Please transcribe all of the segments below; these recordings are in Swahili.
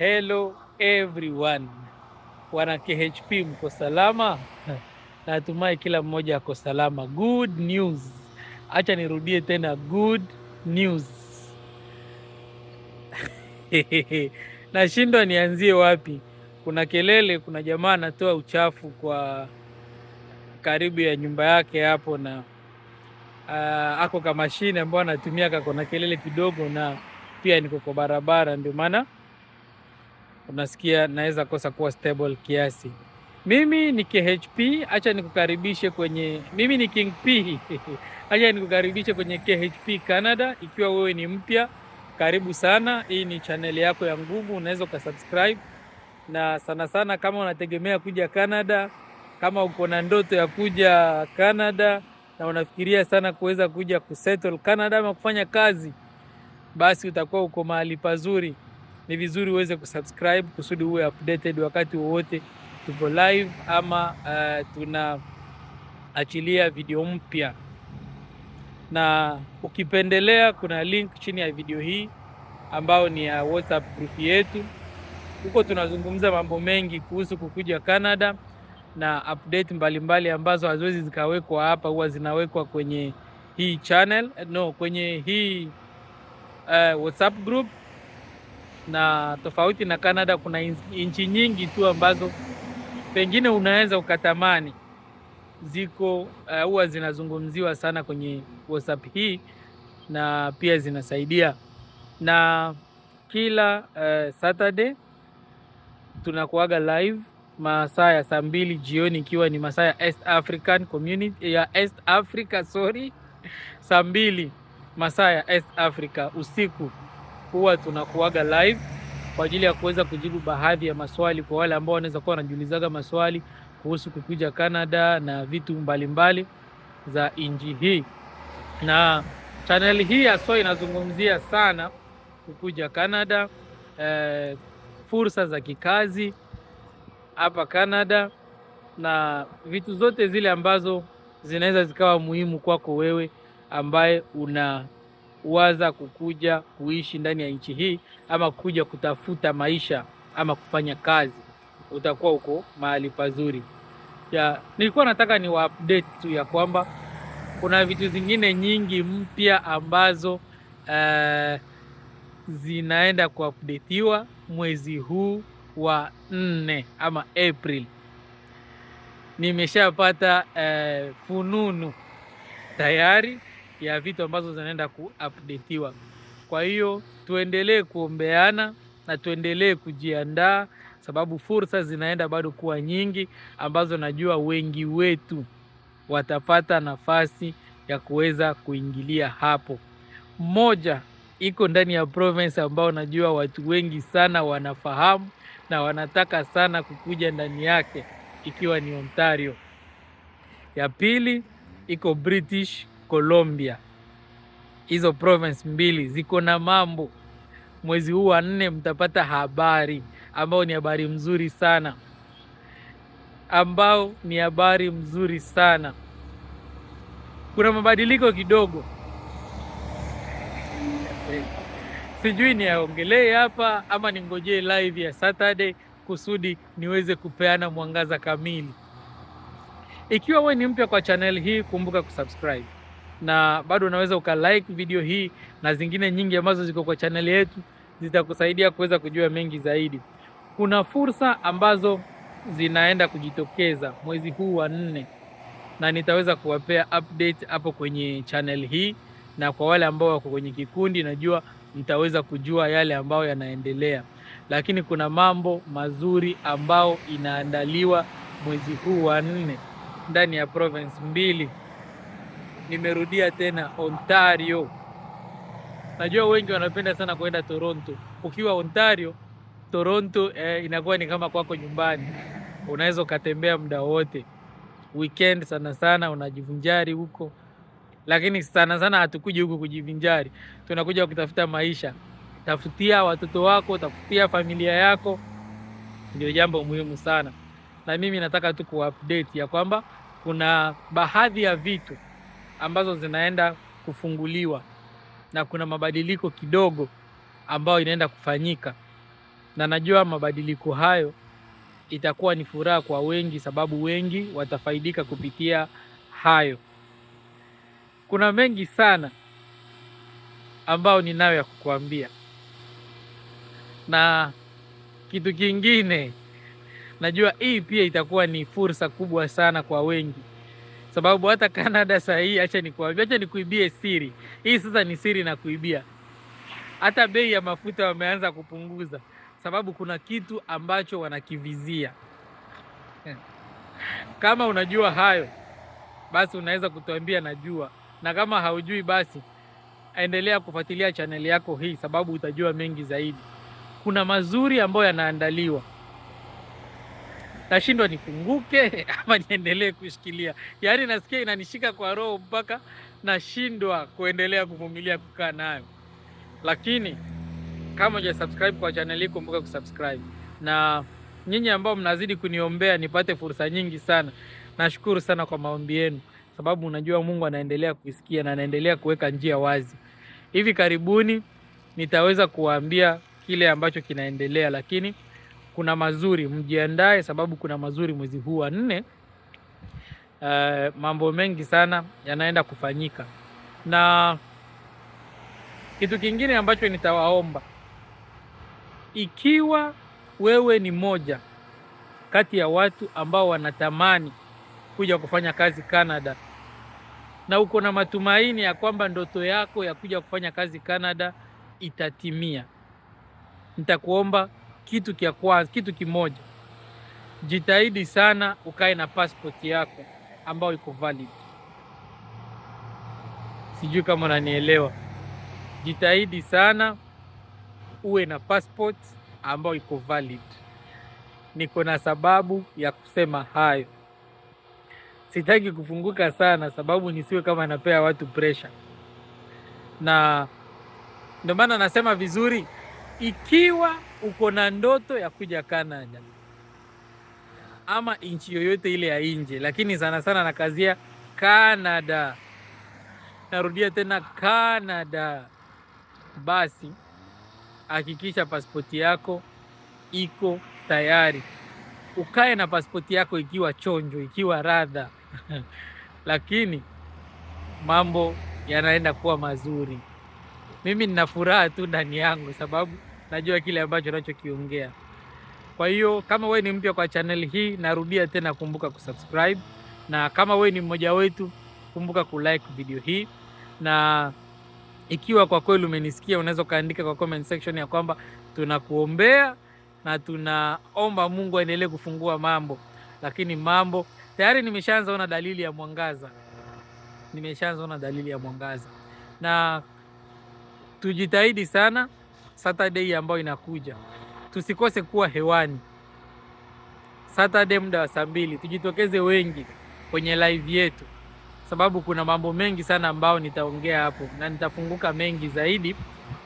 Hello everyone, wana KHP, mko salama? Natumai kila mmoja ako salama. Good news, acha nirudie tena, good news. Nashindwa nianzie wapi. Kuna kelele, kuna jamaa anatoa uchafu kwa karibu ya nyumba yake hapo, na uh, ako kamashine mashine ambayo anatumia kako na kelele kidogo, na pia niko kwa barabara, ndio maana unasikia naweza kosa kuwa stable kiasi. Mimi ni KHP, acha nikukaribishe kwenye, mimi ni King P acha nikukaribishe kwenye KHP Canada. Ikiwa wewe ni mpya, karibu sana. Hii ni channel yako ya nguvu, unaweza ukasubscribe, na sana sana kama unategemea kuja Canada, kama uko na ndoto ya kuja Canada na unafikiria sana kuweza kuja kusettle Canada ama kufanya kazi, basi utakuwa uko mahali pazuri ni vizuri uweze kusubscribe kusudi uwe updated wakati wowote tupo live ama uh, tunaachilia video mpya. Na ukipendelea, kuna link chini ya video hii ambao ni ya WhatsApp group yetu. Huko tunazungumza mambo mengi kuhusu kukuja Canada na update mbalimbali mbali ambazo haziwezi zikawekwa hapa, huwa zinawekwa kwenye hii channel no, kwenye hii uh, WhatsApp group na tofauti na Canada, kuna nchi nyingi tu ambazo pengine unaweza ukatamani ziko eh, huwa zinazungumziwa sana kwenye WhatsApp hii na pia zinasaidia na kila uh, Saturday tunakuaga live masaa ya saa mbili jioni, ikiwa ni masaa ya East African Community ya East Africa sorry, saa mbili masaa ya East Africa usiku huwa tunakuaga live kwa ajili ya kuweza kujibu baadhi ya maswali kwa wale ambao wanaweza kuwa wanajiulizaga maswali kuhusu kukuja Canada na vitu mbalimbali mbali za nchi hii, na channel hii haswa inazungumzia sana kukuja Canada, eh, fursa za kikazi hapa Canada na vitu zote zile ambazo zinaweza zikawa muhimu kwako wewe ambaye una waza kukuja kuishi ndani ya nchi hii ama kuja kutafuta maisha ama kufanya kazi, utakuwa uko mahali pazuri. Ya, nilikuwa nataka ni wa update tu ya kwamba kuna vitu zingine nyingi mpya ambazo uh, zinaenda kuupdateiwa mwezi huu wa nne ama April. Nimeshapata uh, fununu tayari ya vitu ambazo zinaenda kuupdateiwa. Kwa hiyo tuendelee kuombeana na tuendelee kujiandaa, sababu fursa zinaenda bado kuwa nyingi, ambazo najua wengi wetu watapata nafasi ya kuweza kuingilia hapo. Mmoja iko ndani ya province ambao najua watu wengi sana wanafahamu na wanataka sana kukuja ndani yake, ikiwa ni Ontario. Ya pili iko British Colombia. Hizo province mbili ziko na mambo. Mwezi huu wa nne mtapata habari ambao ni habari mzuri sana, ambao ni habari mzuri sana. Kuna mabadiliko kidogo, sijui niyaongelee hapa ama ningojee live ya Saturday kusudi niweze kupeana mwangaza kamili. Ikiwa wewe ni mpya kwa channel hii, kumbuka kusubscribe na bado unaweza ukalike video hii na zingine nyingi ambazo ziko kwa chaneli yetu zitakusaidia kuweza kujua mengi zaidi. Kuna fursa ambazo zinaenda kujitokeza mwezi huu wa nne, na nitaweza kuwapea update hapo kwenye channel hii, na kwa wale ambao wako kwenye kikundi, najua mtaweza kujua yale ambayo yanaendelea, lakini kuna mambo mazuri ambao inaandaliwa mwezi huu wa nne ndani ya province mbili nimerudia tena Ontario. Najua wengi wanapenda sana kwenda Toronto. Ukiwa Ontario, Toronto eh, inakuwa ni kama kwako nyumbani, unaweza ukatembea muda wote. Weekend sana sana unajivunjari huko, lakini sana sana hatukuji huko kujivinjari, tunakuja kutafuta maisha. Tafutia watoto wako, tafutia familia yako, ndio jambo muhimu sana. Na mimi nataka tu kuupdate ya kwamba kuna baadhi ya vitu ambazo zinaenda kufunguliwa na kuna mabadiliko kidogo ambayo inaenda kufanyika, na najua mabadiliko hayo itakuwa ni furaha kwa wengi, sababu wengi watafaidika kupitia hayo. Kuna mengi sana ambayo ninayo ya kukuambia, na kitu kingine najua hii pia itakuwa ni fursa kubwa sana kwa wengi sababu hata Canada saa hii, acha nikuambia, acha nikuibie siri hii sasa, ni siri na kuibia. Hata bei ya mafuta wameanza kupunguza, sababu kuna kitu ambacho wanakivizia. Kama unajua hayo, basi unaweza kutuambia najua, na kama haujui, basi endelea kufuatilia chaneli yako hii, sababu utajua mengi zaidi. Kuna mazuri ambayo yanaandaliwa nashindwa nifunguke ama niendelee kushikilia. Yaani nasikia inanishika kwa roho mpaka nashindwa kuendelea kuvumilia kukaa nayo. Lakini kama uja subscribe kwa channel hii, kumbuka kusubscribe, na nyinyi ambao mnazidi kuniombea nipate fursa nyingi sana, nashukuru sana kwa maombi yenu, sababu unajua Mungu anaendelea kuisikia na anaendelea kuweka njia wazi. Hivi karibuni nitaweza kuwaambia kile ambacho kinaendelea, lakini kuna mazuri, mjiandae sababu kuna mazuri mwezi huu wa nne. Uh, mambo mengi sana yanaenda kufanyika, na kitu kingine ambacho nitawaomba, ikiwa wewe ni moja kati ya watu ambao wanatamani kuja kufanya kazi Canada na uko na matumaini ya kwamba ndoto yako ya kuja kufanya kazi Canada itatimia, nitakuomba kitu kia kwanza, kitu kimoja, jitahidi sana ukae na passport yako ambayo iko valid. Sijui kama unanielewa. Jitahidi sana uwe na passport ambayo iko valid. Niko na sababu ya kusema hayo. Sitaki kufunguka sana, sababu nisiwe kama napea watu pressure, na ndio maana nasema vizuri ikiwa uko na ndoto ya kuja Canada ama nchi yoyote ile ya nje, lakini sana sana nakazia Canada. Narudia tena Canada, basi hakikisha pasipoti yako iko tayari, ukae na pasipoti yako ikiwa chonjo, ikiwa radha lakini mambo yanaenda kuwa mazuri. Mimi nina furaha tu ndani yangu sababu najua kile ambacho nachokiongea. Kwa hiyo kama wewe ni mpya kwa channel hii, narudia tena, kumbuka kusubscribe, na kama wewe ni mmoja wetu, kumbuka kulike video hii, na ikiwa kwa kweli umenisikia, unaweza ukaandika kwa comment section ya kwamba tunakuombea na tunaomba Mungu aendelee kufungua mambo, lakini mambo tayari nimeshaanza ona dalili ya mwangaza, nimeshaanza ona dalili ya mwangaza, na tujitahidi sana Saturday ambayo inakuja, tusikose kuwa hewani Saturday muda wa saa mbili. Tujitokeze wengi kwenye live yetu, sababu kuna mambo mengi sana ambayo nitaongea hapo na nitafunguka mengi zaidi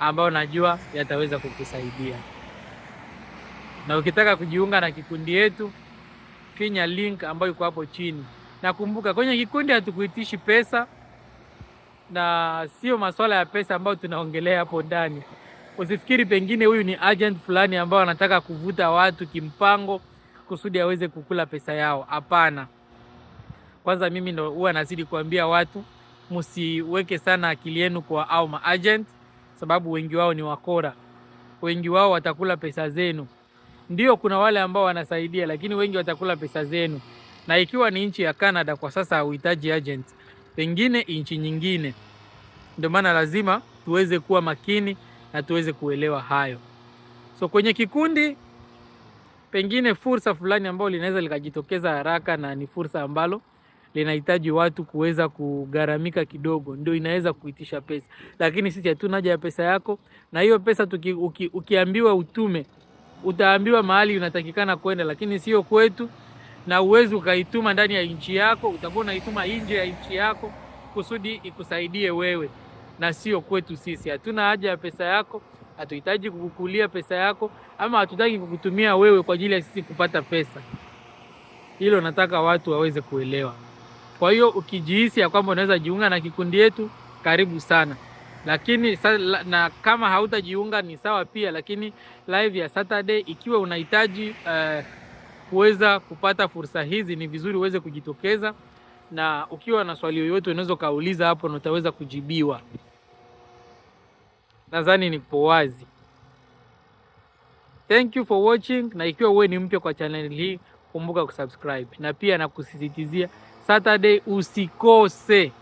ambayo najua yataweza kukusaidia. Na ukitaka kujiunga na kikundi yetu, finya link ambayo iko hapo chini. Nakumbuka kwenye kikundi hatukuitishi pesa na sio masuala ya pesa ambayo tunaongelea hapo ndani usifikiri pengine huyu ni agent fulani ambao anataka kuvuta watu kimpango kusudi aweze kukula pesa yao. Hapana. Kwanza mimi ndo huwa nazidi kuambia watu msiweke sana akili yenu kwa au agent, sababu wengi wao ni wakora. Wengi wao watakula pesa zenu. Ndio, kuna wale ambao wanasaidia, lakini wengi watakula pesa zenu. Na ikiwa ni nchi ya Canada kwa sasa hauhitaji agent, pengine nchi nyingine. Ndio maana lazima tuweze kuwa makini na tuweze kuelewa hayo. So kwenye kikundi, pengine fursa fulani ambalo linaweza likajitokeza haraka na ni fursa ambalo linahitaji watu kuweza kugaramika kidogo, ndio inaweza kuitisha pesa, lakini sisi hatuna haja ya pesa yako. Na hiyo pesa tuki, uki, ukiambiwa utume, utaambiwa mahali unatakikana kwenda, lakini sio kwetu, na uwezi ukaituma ndani ya nchi yako, utakuwa unaituma nje ya nchi yako kusudi ikusaidie wewe na sio kwetu sisi. Hatuna haja ya pesa yako, hatuhitaji kukukulia pesa yako, ama hatutaki kukutumia wewe kwa ajili ya sisi kupata pesa. Hilo nataka watu waweze kuelewa. Kwa hiyo ukijihisi ya kwamba unaweza jiunga na kikundi yetu, karibu sana lakini na kama hautajiunga ni sawa pia, lakini live ya Saturday ikiwa unahitaji uh, kuweza kupata fursa hizi, ni vizuri uweze kujitokeza na ukiwa na swali yoyote unaweza ukauliza hapo na utaweza kujibiwa. Nadhani nipo wazi. Thank you for watching, na ikiwa wewe ni mpya kwa channel hii kumbuka kusubscribe, na pia nakusisitizia Saturday usikose.